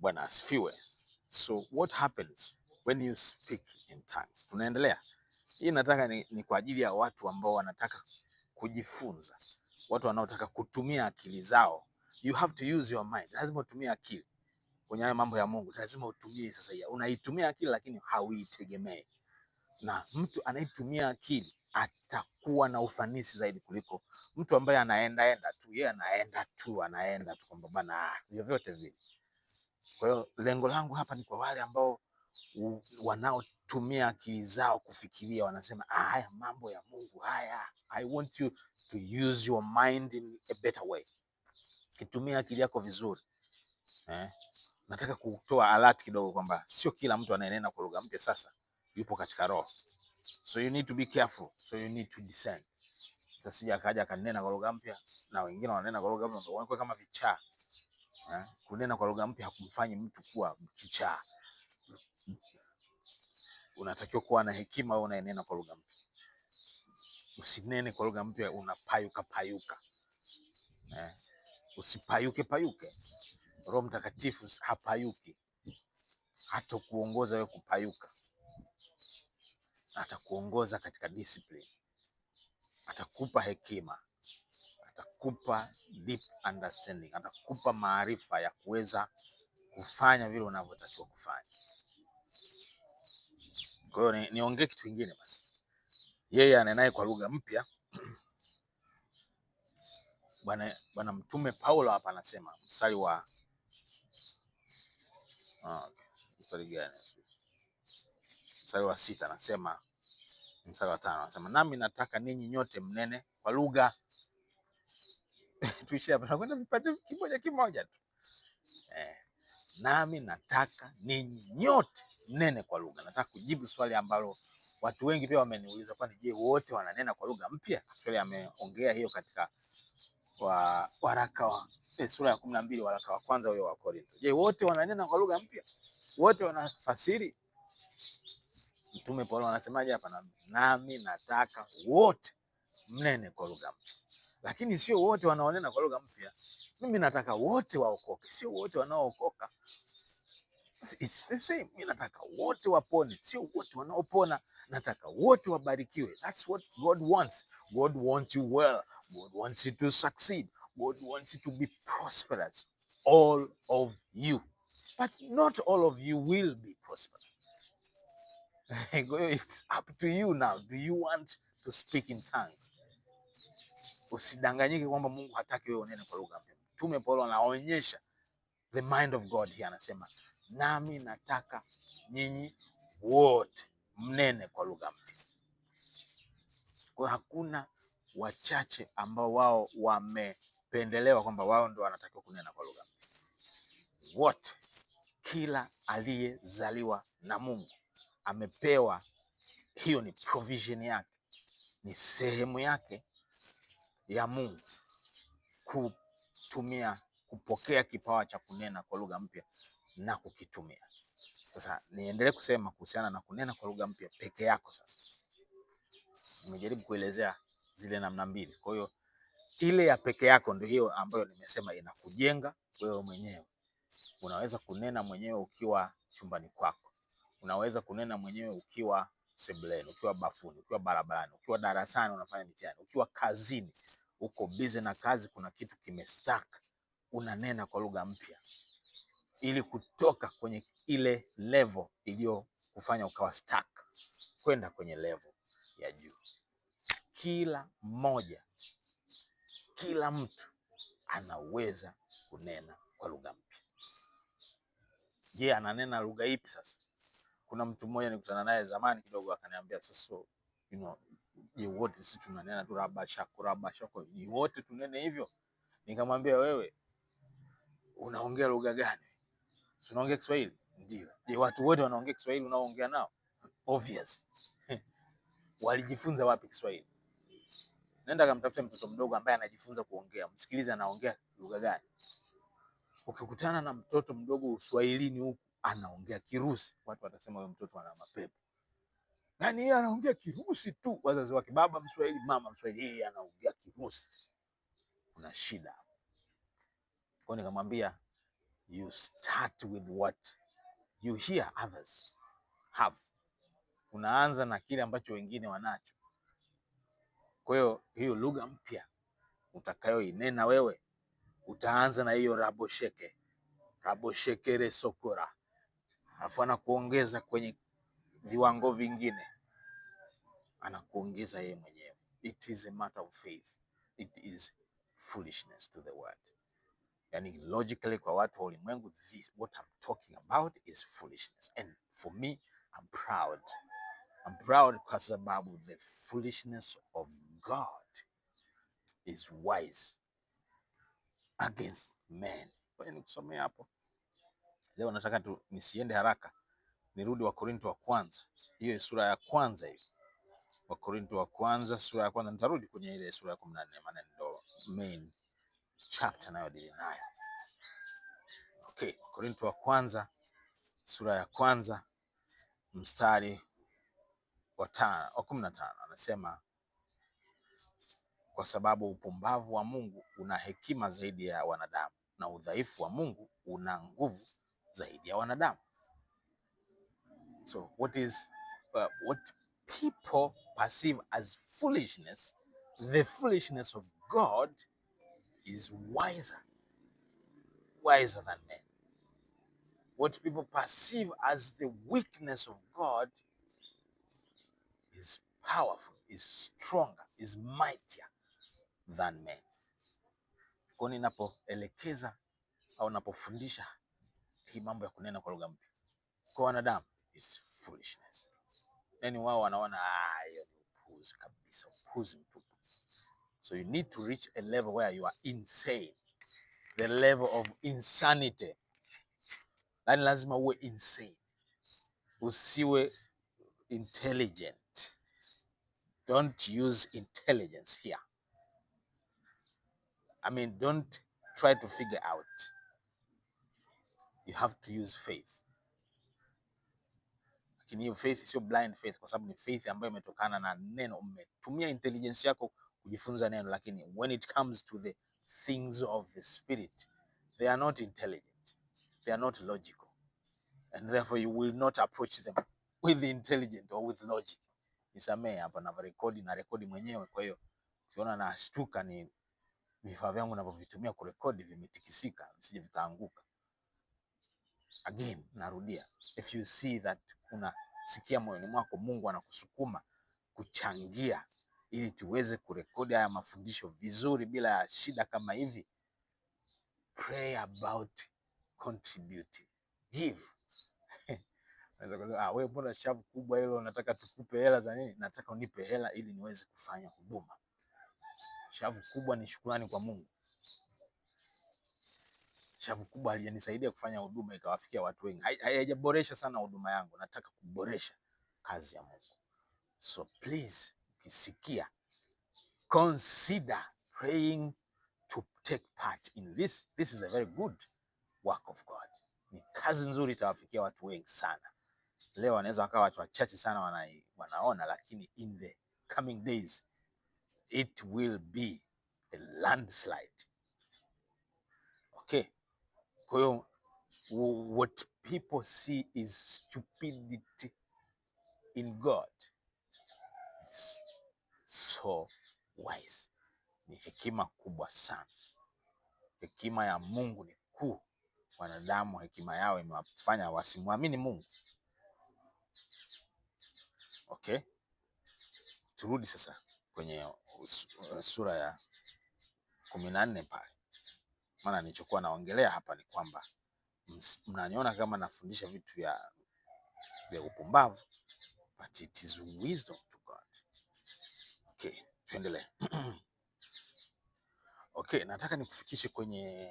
Bwana asifiwe. So what happens when you speak in tongues? Tunaendelea. Hii nataka ni, ni kwa ajili ya watu ambao wanataka kujifunza, watu wanaotaka kutumia akili zao. You have to use your mind, lazima utumie akili kwenye hayo mambo ya Mungu, lazima utumie. Sasa hivi unaitumia akili, lakini hauitegemei, na mtu anayetumia akili atakuwa na ufanisi zaidi kuliko mtu ambaye anaenda enda tu. Yeye anaenda tu, anaenda tu kwamba bana, ah, vyovyote vile kwa hiyo lengo langu hapa ni kwa wale ambao wanaotumia akili zao kufikiria, wanasema ah, haya mambo ya Mungu haya. I want you to use your mind in a better way. Kitumia akili yako vizuri eh. Nataka kutoa alert kidogo kwamba sio kila mtu anayenena kwa lugha mpya sasa yupo katika roho, so you need to be careful, so you need to discern. Sasa Tasija akaja akanena kwa lugha mpya na wengine wananena kwa lugha mpya kama vichaa. Eh, kunena kwa lugha mpya hakumfanyi mtu kuwa kichaa Unatakiwa kuwa na hekima unayenena kwa lugha mpya. Usinene kwa lugha mpya unapayuka payuka eh. Usipayuke payuke. Roho Mtakatifu hapayuki, hata kuongoza wewe kupayuka, atakuongoza katika discipline, atakupa hekima anakupa deep understanding, anakupa maarifa ya kuweza kufanya vile unavyotakiwa kufanya. Kwa hiyo niongee ni kitu kingine basi, yeye anenaye kwa lugha mpya Bwana Bwana Mtume Paulo hapa anasema mstari wa ah, mstari gani? Mstari wa sita anasema, mstari wa tano anasema, nami nataka ninyi nyote mnene kwa lugha tuishie hapa, tunakwenda vipande kimoja kimoja tu eh. Nami nataka ninyi nyote mnene kwa lugha. Nataka kujibu swali ambalo watu wengi pia wameniuliza, kwani je, wote wananena kwa lugha mpya? Kweli ameongea hiyo katika wa, waraka wa eh, sura ya kumi na mbili waraka wa kwanza huyo wa Korintho. Je, wote wananena kwa lugha mpya? Wote wanafasiri? Mtume Paulo anasemaje hapa? Nami nataka wote mnene kwa lugha mpya lakini sio wote wanaonena kwa lugha mpya. Mimi nataka wote waokoke, sio wote wanaookoka. It's the same. Mimi nataka wote wapone, sio wote wanaopona. Nataka wote wabarikiwe. That's what God wants. God wants you well. God wants you to succeed. God wants you to be prosperous. All of you. But not all of you will be prosperous. It's up to you now. Do you want to speak in tongues? Usidanganyike kwamba Mungu hataki wewe unene kwa lugha mpya. Mtume Paulo anaonyesha the mind of God here, anasema nami nataka nyinyi wote mnene kwa lugha mpya. Kwa hakuna wachache ambao wao wamependelewa kwamba wao ndio wanatakiwa kunena kwa lugha mpya. Wote, kila aliyezaliwa na Mungu amepewa hiyo, ni provision yake, ni sehemu yake ya Mungu kutumia kupokea kipawa cha kunena kwa lugha mpya na kukitumia. Sasa niendelee kusema kuhusiana na kunena kwa lugha mpya peke yako. Sasa nimejaribu kuelezea zile namna mbili, kwa hiyo ile ya peke yako ndio hiyo ambayo nimesema inakujenga wewe mwenyewe. Unaweza kunena mwenyewe ukiwa chumbani kwako, unaweza kunena mwenyewe ukiwa sebuleni, ukiwa bafuni, ukiwa barabarani, ukiwa darasani unafanya mitihani, ukiwa kazini, uko busy na kazi, kuna kitu kimestack, unanena kwa lugha mpya ili kutoka kwenye ile level iliyokufanya ukawa stuck kwenda kwenye level ya juu. Kila mmoja, kila mtu anaweza kunena kwa lugha mpya. Je, ananena lugha ipi sasa? kuna mtu mmoja nilikutana naye zamani kidogo akaniambia sasa you know, je, wote sisi tunanena tu raba shako raba shako, ni wote tunene hivyo? Nikamwambia, wewe unaongea lugha gani? Unaongea Kiswahili? Ndio. Je, watu wote wanaongea Kiswahili unaoongea nao? Obvious. Walijifunza wapi Kiswahili? Nenda kamtafute mtoto mdogo ambaye anajifunza kuongea, msikilize anaongea lugha gani. Ukikutana na mtoto mdogo uswahilini huko anaongea Kirusi, watu watasema huyo mtoto ana mapepo. Yaani yeye anaongea Kirusi tu, wazazi wake, baba Mswahili, mama Mswahili, yeye anaongea Kirusi. Kuna shida kwa, nikamwambia you start with what you hear others have, unaanza na kile ambacho wengine wanacho. Kwa hiyo hiyo lugha mpya utakayoinena wewe utaanza na hiyo rabosheke rabosheke resokora alafu anakuongeza kwenye viwango vingine, anakuongeza yeye mwenyewe. It is a matter of faith, it is foolishness to the world. Yani logically kwa watu wa ulimwengu, this what I'm talking about is foolishness and for me I'm proud. I'm proud kwa sababu the foolishness of God is wise against men. Kwani hapo Leo nataka tu nisiende haraka, nirudi Wakorintho wa kwanza, hiyo sura ya kwanza hiyo Wakorintho wa kwanza sura ya kwanza. Nitarudi kwenye ile sura ya kumi na nne maana ndio main chapter nayo dili nayo. Okay, Korinto wa kwanza sura ya kwanza mstari wa tano, wa kumi na tano anasema kwa sababu upumbavu wa Mungu una hekima zaidi ya wanadamu na udhaifu wa Mungu una nguvu zaidi ya wanadamu. So what is uh, what people perceive as foolishness, the foolishness of God is wiser, wiser than men. What people perceive as the weakness of God is powerful, is stronger, is mightier than men. Kwa ninapoelekeza au napofundisha Hii mambo ya kunena kwa lugha mpya kwa wanadamu is foolishness. Yani wao wanaona ah, hiyo ni upuzi kabisa, upuzi mtupu. So you need to reach a level where you are insane, the level of insanity. Yani lazima uwe insane, usiwe intelligent. Don't use intelligence here. I mean, don't try to figure out you have to use faith, lakini hiyo faith sio blind faith, kwa sababu ni faith ambayo imetokana na neno. Umetumia intelligence yako kujifunza neno, lakini when it comes to the things of the spirit they are not intelligent, they are not logical and therefore you will not approach them with intelligent or with logic. Nisamee hapa na rekodi na rekodi mwenyewe, kwa hiyo ukiona nashtuka ni vifaa vyangu navyovitumia kurekodi vimetikisika, visije vikaanguka. Again, narudia, if you see that unasikia moyoni mwako Mungu anakusukuma kuchangia ili tuweze kurekodi haya mafundisho vizuri bila ya shida kama hivi, pray about contributing, give Ah, wewe mbona shavu kubwa hilo, nataka tukupe hela za nini? Nataka unipe hela ili niweze kufanya huduma. Shavu kubwa ni shukrani kwa Mungu shavu kubwa alinisaidia kufanya huduma ikawafikia watu wengi. Haijaboresha sana huduma yangu, nataka kuboresha kazi ya Mungu. So please, ukisikia consider praying to take part in this. This is a very good work of God. Ni kazi nzuri, itawafikia watu wengi sana. Leo wanaweza wakawa watu wachache sana wana, wanaona, lakini in the coming days it will be a landslide. Okay. Kwa hiyo what people see is stupidity in God. It's so wise. Ni hekima kubwa sana. Hekima ya Mungu ni kuu. Wanadamu hekima yao imewafanya wasimwamini Mungu. Okay, turudi sasa kwenye sura ya kumi na nne pale maana nilichokuwa naongelea hapa ni kwamba mnaniona kama nafundisha vitu vya vya upumbavu, but it is wisdom to God. Okay, tuendelee. Okay, nataka nikufikishe kwenye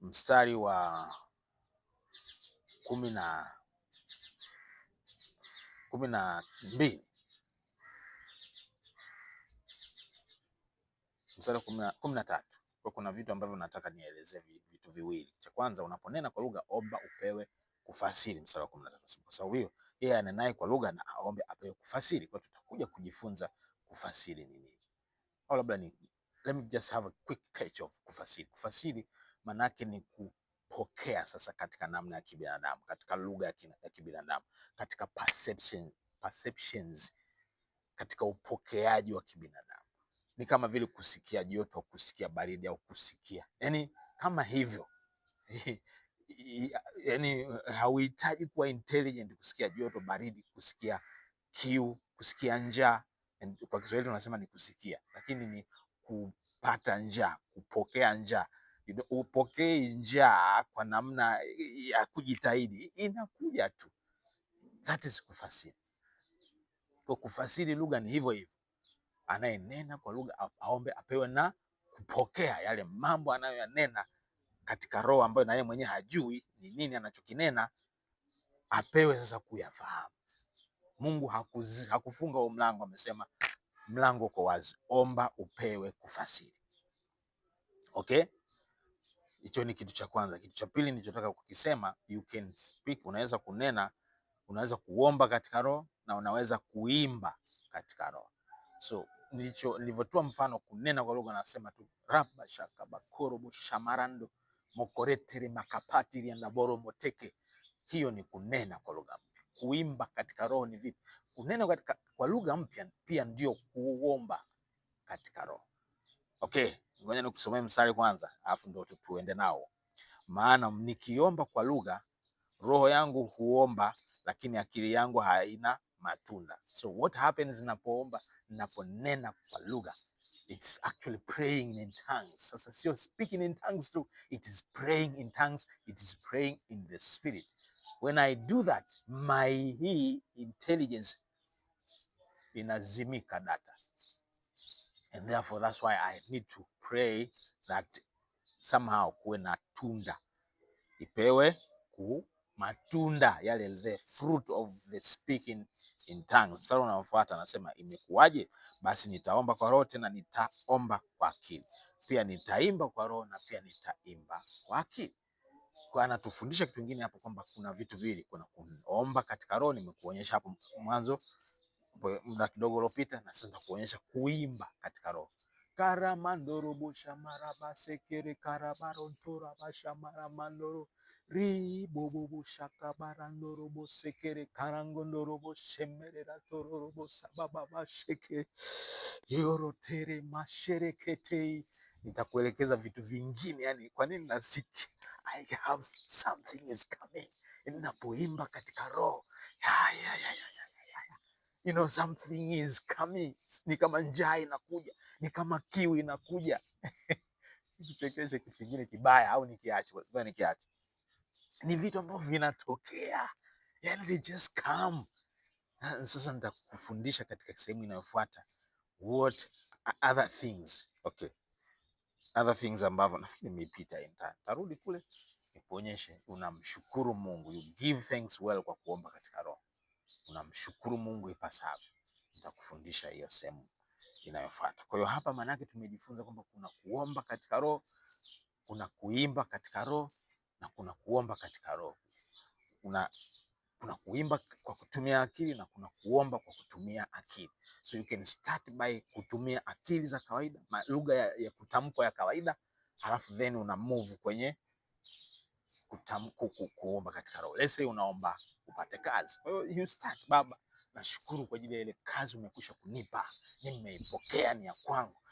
mstari wa kumi na kumi na mbili mstari wa kumi na tatu kwa kuna vitu ambavyo nataka nielezee vitu viwili. Cha kwanza unaponena kwa lugha omba upewe kufasiri mstari wa 13. Kwa sababu hiyo yeye anenaye kwa lugha na aombe apewe kufasiri. Kwa tutakuja kujifunza kufasiri ni nini. Au labda ni let me just have a quick catch of kufasiri. Kufasiri maana yake ni kupokea sasa katika namna ya kibinadamu, katika lugha ya kibinadamu, katika perception, perceptions katika upokeaji wa kibinadamu ni kama vile kusikia joto, kusikia baridi au kusikia yani kama hivyo yani hauhitaji kuwa intelligent kusikia joto, baridi, kusikia kiu, kusikia njaa. Kwa Kiswahili tunasema ni kusikia, lakini ni kupata njaa, kupokea njaa. Upokei njaa kwa namna ya kujitahidi, inakuja tu. That is kufasiri. Kwa kufasiri lugha ni hivyo hivyo anayenena kwa lugha aombe apewe na kupokea yale mambo anayoyanena katika roho ambayo na yeye mwenyewe hajui ni nini anachokinena, apewe sasa kuyafahamu. Mungu hakuzi, hakufunga huo mlango, amesema mlango uko wazi, omba upewe kufasiri. Okay, hicho ni kitu cha kwanza. Kitu cha pili nilichotaka kukisema, you can speak, unaweza kunena, unaweza kuomba katika roho na unaweza kuimba katika roho so nilicho nilivyotoa mfano kunena kwa lugha, nasema tu raba shaka bakoro shamarando mokoretere makapati boro moteke. Hiyo ni kunena kwa lugha mpya. Kuimba katika roho ni vipi? Kunena katika kwa lugha mpya pia ndio kuomba katika roho. Okay, ngoja nikusomee msali kwanza, alafu ndio tuende nao. Maana nikiomba kwa lugha, roho yangu huomba, lakini akili yangu haina matunda. So what happens napoomba, naponena kwa lugha, it's actually praying in tongues. Sasa sio speaking in tongues tu, it is praying in tongues, it is praying in the spirit. When I do that, my hii intelligence inazimika data. And therefore that's why I need to pray that somehow kuwe na tunda ipewe matunda yale, the fruit of the speaking in tongues. Mstari unaofuata anasema imekuwaje? Basi nitaomba kwa roho, tena nitaomba kwa akili, pia nitaimba kwa roho na pia nitaimba kwa akili. Kwa anatufundisha kitu kingine hapo kwamba kuna vitu viwili, kuna kuomba katika roho, nimekuonyesha hapo mwanzo muda kidogo uliopita, na sasa nitakuonyesha kuimba katika roho karamandoro bushamaraba sekere karabarontora bashamara mandoro ri bobo shaka barando bo sekere karango karangondo bo shemere da rato bo sababa ba sheke yoro tere mashere kete nitakuelekeza vitu vingine yani kwa nini nasiki I have something is coming ninapoimba katika roho ya, ya, ya, ya, ya. You know, something is coming. Ni kama njaa inakuja, ni kama kiu inakuja. Kichekeshe kitu kingine kibaya au nikiache? Nikiache ni vitu ambavyo vinatokea, yani they just come. Ah, sasa nitakufundisha katika sehemu inayofuata what other things okay, other things ambavyo nafikiri nimepita, tarudi kule nikuonyeshe. Unamshukuru Mungu, you give thanks well, kwa kuomba katika roho, unamshukuru Mungu ipasavyo. Nitakufundisha hiyo sehemu inayofuata. Kwa hiyo hapa maanake tumejifunza kwamba kuna kuomba katika roho, kuna kuimba katika roho na kuna kuomba katika roho. Kuna, kuna kuimba kwa kutumia akili na kuna kuomba kwa kutumia akili. So you can start by kutumia akili za kawaida, lugha ya, ya kutamkwa ya kawaida, alafu then una move kwenye kutamku, kuomba katika roho. Let's say unaomba upate kazi. Kwa hiyo you start, Baba, nashukuru kwa ajili ya ile kazi umekwisha kunipa, nimeipokea, ni ya kwangu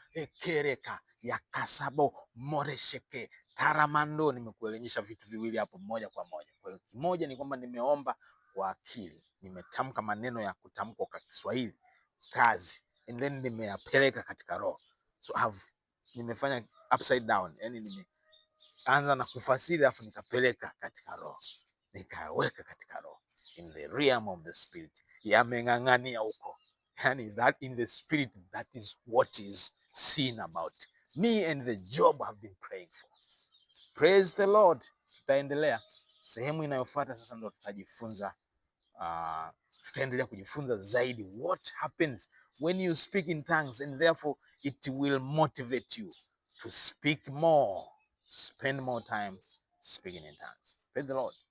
kereka ya kasabo moresheke taramando. Nimekuelimisha vitu viwili hapo moja kwa moja. Kwa hiyo kimoja ni kwamba nimeomba kwa akili, nimetamka maneno ya kutamkwa kwa Kiswahili kazi, and then nimeyapeleka katika roho, so have nimefanya upside down, yani nimeanza na kufasiri afu nikapeleka katika roho, nikaweka katika roho, in the realm of the spirit, yameng'ang'ania huko, yani that in the spirit, that is what is seen about me and the job I've been praying for. Praise the Lord. Tutaendelea sehemu inayofuata sasa, ndo tutajifunza uh, tutaendelea kujifunza zaidi what happens when you speak in tongues and therefore it will motivate you to speak more, spend more time speaking in tongues. Praise the Lord.